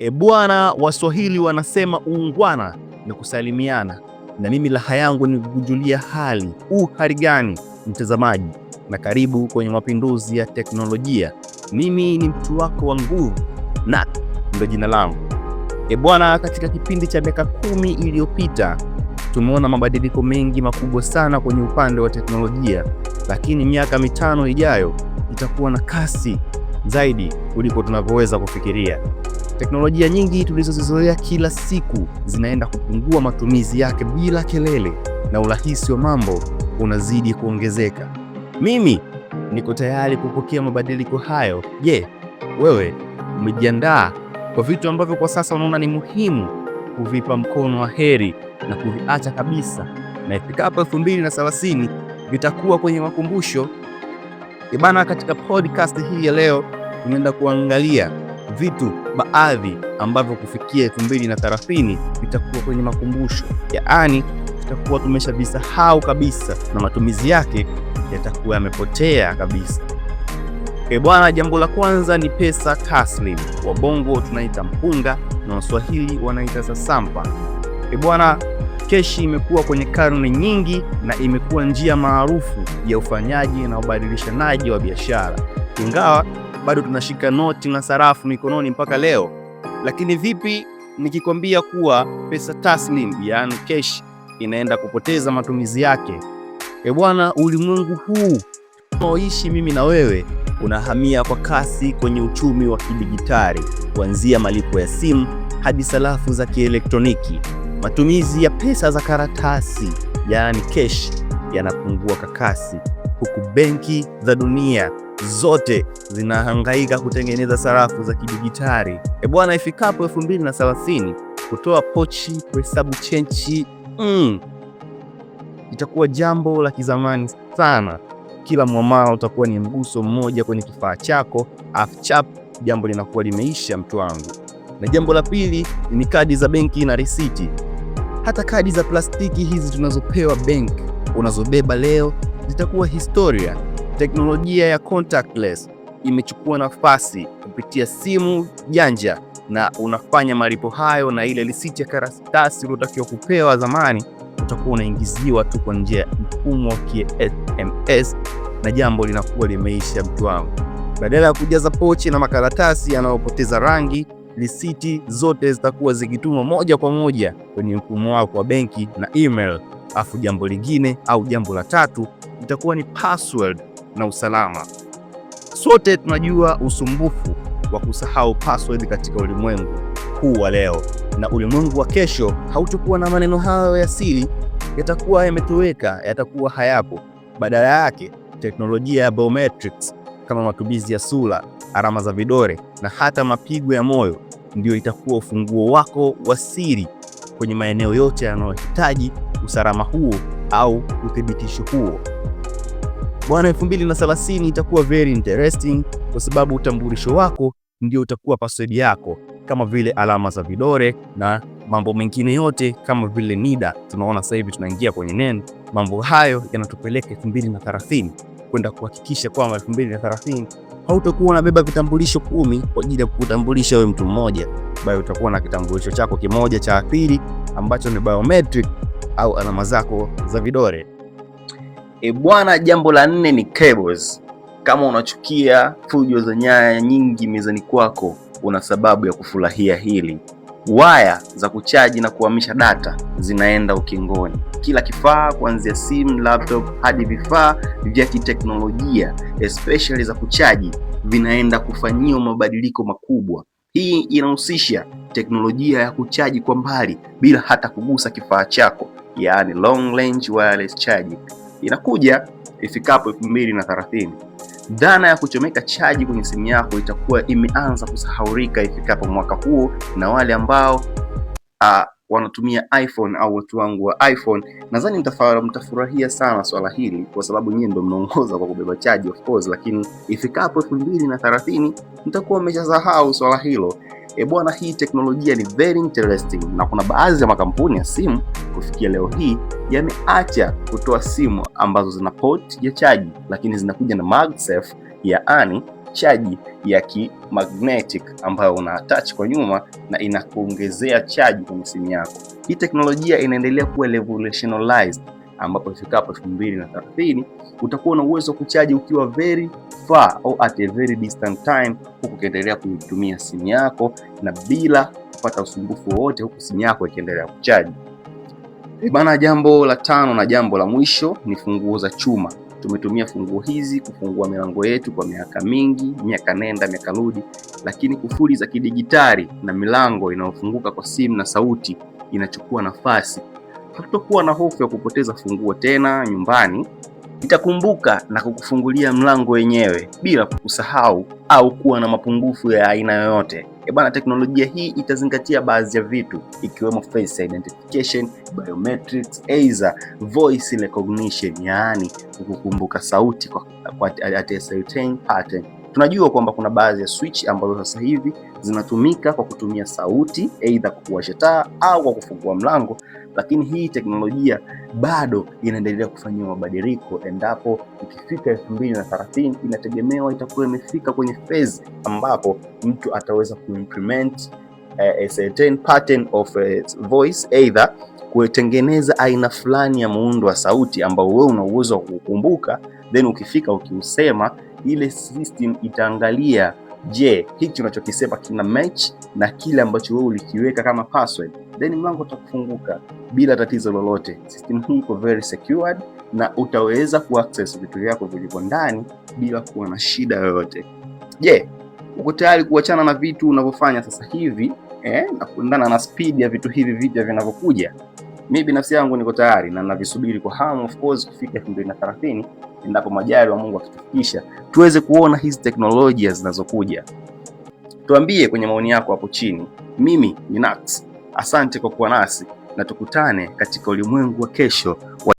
E bwana, Waswahili wanasema uungwana ni kusalimiana, na mimi laha yangu ni kukujulia hali. U hali gani mtazamaji, na karibu kwenye mapinduzi ya teknolojia. Mimi ni mtu wako wa nguvu na ndo jina langu. E bwana, katika kipindi cha miaka kumi iliyopita tumeona mabadiliko mengi makubwa sana kwenye upande wa teknolojia, lakini miaka mitano ijayo itakuwa na kasi zaidi kuliko tunavyoweza kufikiria. Teknolojia nyingi tulizozizoea kila siku zinaenda kupungua matumizi yake bila kelele, na urahisi wa mambo unazidi kuongezeka. Mimi niko tayari kupokea mabadiliko hayo. Je, yeah, wewe umejiandaa kwa vitu ambavyo kwa sasa unaona ni muhimu kuvipa mkono wa heri na kuviacha kabisa, na ifikapo 2030 vitakuwa kwenye makumbusho ibana. Katika podcast hii ya leo tunaenda kuangalia vitu baadhi ambavyo kufikia thelathini vitakuwa kwenye makumbusho, yaani tutakuwa tumeshavisahau kabisa na matumizi yake yatakuwa yamepotea kabisa. E bwana, jambo la kwanza ni pesa taslim. Wabongo tunaita mpunga na Waswahili wanaita sasampa. E bwana, keshi imekuwa kwenye karne nyingi na imekuwa njia maarufu ya ufanyaji na ubadilishanaji wa biashara, ingawa bado tunashika noti na sarafu mikononi mpaka leo. Lakini vipi nikikwambia kuwa pesa taslim, yani cash, inaenda kupoteza matumizi yake? E bwana, ulimwengu huu tunaoishi mimi na wewe unahamia kwa kasi kwenye uchumi wa kidijitali, kuanzia malipo ya simu hadi sarafu za kielektroniki. Matumizi ya pesa za karatasi, yani cash, yanapungua kwa kasi, huku benki za dunia zote zinahangaika kutengeneza sarafu za kidijitali. E bwana, ifikapo 2030 kutoa pochi, kuhesabu chenchi mm, itakuwa jambo la kizamani sana. Kila mwamala utakuwa ni mguso mmoja kwenye kifaa chako, afchap, jambo linakuwa limeisha, mtu wangu. Na jambo la pili ni kadi za benki na risiti. Hata kadi za plastiki hizi tunazopewa benki, unazobeba leo zitakuwa historia. Teknolojia ya contactless imechukua nafasi kupitia simu janja, na unafanya malipo hayo, na ile risiti ya karatasi uliotakiwa kupewa zamani utakuwa unaingiziwa tu kwa njia ya mfumo wa SMS, na jambo linakuwa limeisha. Mtu wangu, badala ya kujaza pochi na makaratasi yanayopoteza rangi, risiti zote zitakuwa zikitumwa moja kwa moja kwenye mfumo wako wa benki na email. Afu jambo lingine au jambo la tatu itakuwa ni password na usalama. Sote tunajua usumbufu wa kusahau password katika ulimwengu huu wa leo, na ulimwengu wa kesho hautakuwa na maneno hayo ya siri, yatakuwa yametoweka, yatakuwa hayapo. Badala yake teknolojia ya biometrics kama matumizi ya sura, alama za vidole na hata mapigo ya moyo ndio itakuwa ufunguo wako wa siri kwenye maeneo yote yanayohitaji usalama huo au uthibitisho huo bwana, 2030 itakuwa very interesting kwa sababu utambulisho wako ndio utakuwa password yako, kama vile alama za vidore na mambo mengine yote kama vile NIDA. Tunaona sasa hivi tunaingia kwenye neno, mambo hayo yanatupeleka 2030 kwenda kuhakikisha kwamba 2030 hautakuwa unabeba vitambulisho kumi kwa ajili ya kukutambulisha wewe mtu mmoja, bali utakuwa na kitambulisho chako kimoja cha pili ambacho ni biometric au alama zako za vidore E bwana, jambo la nne ni cables. Kama unachukia fujo za nyaya nyingi mezani kwako, una sababu ya kufurahia hili. Waya za kuchaji na kuhamisha data zinaenda ukingoni. Kila kifaa kuanzia simu, laptop hadi vifaa vya kiteknolojia especially za kuchaji vinaenda kufanyiwa mabadiliko makubwa. Hii inahusisha teknolojia ya kuchaji kwa mbali bila hata kugusa kifaa chako, yaani long range wireless charging inakuja ifikapo 2030. Dhana ya kuchomeka chaji kwenye simu yako itakuwa imeanza kusahaurika ifikapo mwaka huo, na wale ambao uh, wanatumia iPhone au watu wangu wa iPhone, nadhani mtafurahia sana swala hili, kwa sababu nyinyi ndio mnaongoza kwa kubeba chaji of course, lakini ifikapo 2030 mbili na thelathini mtakuwa mmeshasahau swala hilo. E bwana, hii teknolojia ni very interesting, na kuna baadhi ya makampuni ya simu kufikia leo hii yameacha kutoa simu ambazo zina port ya chaji, lakini zinakuja na MagSafe, ani chaji ya kimagnetic ambayo una attach kwa nyuma na inakuongezea chaji kwenye simu yako. Hii teknolojia inaendelea kuwa revolutionized ambapo ifikapo elfu mbili utakuwa na uwezo wa kuchaji ukiwa very far au at a very distant time, huku ukiendelea kuitumia simu yako na bila kupata usumbufu wowote, huku simu yako ikiendelea kuchaji. Bana, jambo la tano na jambo la mwisho ni funguo za chuma. Tumetumia funguo hizi kufungua milango yetu kwa miaka mingi, miaka nenda miaka rudi, lakini kufuli za kidigitali na milango inayofunguka kwa simu na sauti inachukua nafasi kutokuwa na hofu ya kupoteza funguo tena nyumbani. Itakumbuka na kukufungulia mlango wenyewe bila kusahau au kuwa na mapungufu ya aina yoyote. E bana, teknolojia hii itazingatia baadhi ya vitu ikiwemo face identification, biometrics, aidha voice recognition, yaani kukukumbuka sauti kwa, kwa, at a certain pattern Tunajua kwamba kuna baadhi ya switch ambazo sasa hivi zinatumika kwa kutumia sauti, aidha kwa kuwasha taa au kwa kufungua mlango, lakini hii teknolojia bado inaendelea kufanyiwa mabadiliko. Endapo ikifika elfu mbili na thelathini, inategemewa itakuwa imefika kwenye phase ambapo mtu ataweza kuimplement eh, a certain pattern of eh, voice, either kutengeneza aina fulani ya muundo wa sauti ambao wewe una uwezo wa kukumbuka, then ukifika ukiusema ile system itaangalia, je, hichi unachokisema kina match na kile ambacho wewe ulikiweka kama password, then mlango utakufunguka bila tatizo lolote. System hii iko very secured na utaweza kuaccess vitu vyako vilivyo ndani bila kuwa na shida yoyote. Je, uko tayari kuachana na vitu unavyofanya sasa hivi eh, na kuendana na speed ya vitu hivi vipya vinavyokuja? Mi binafsi yangu niko tayari na navisubiri kwa hamu of course kufika 2030 endapo majari wa Mungu akitufikisha, tuweze kuona hizi teknolojia zinazokuja. Tuambie kwenye maoni yako hapo chini. Mimi ni Nax, asante kwa kuwa nasi na tukutane katika ulimwengu wa kesho wa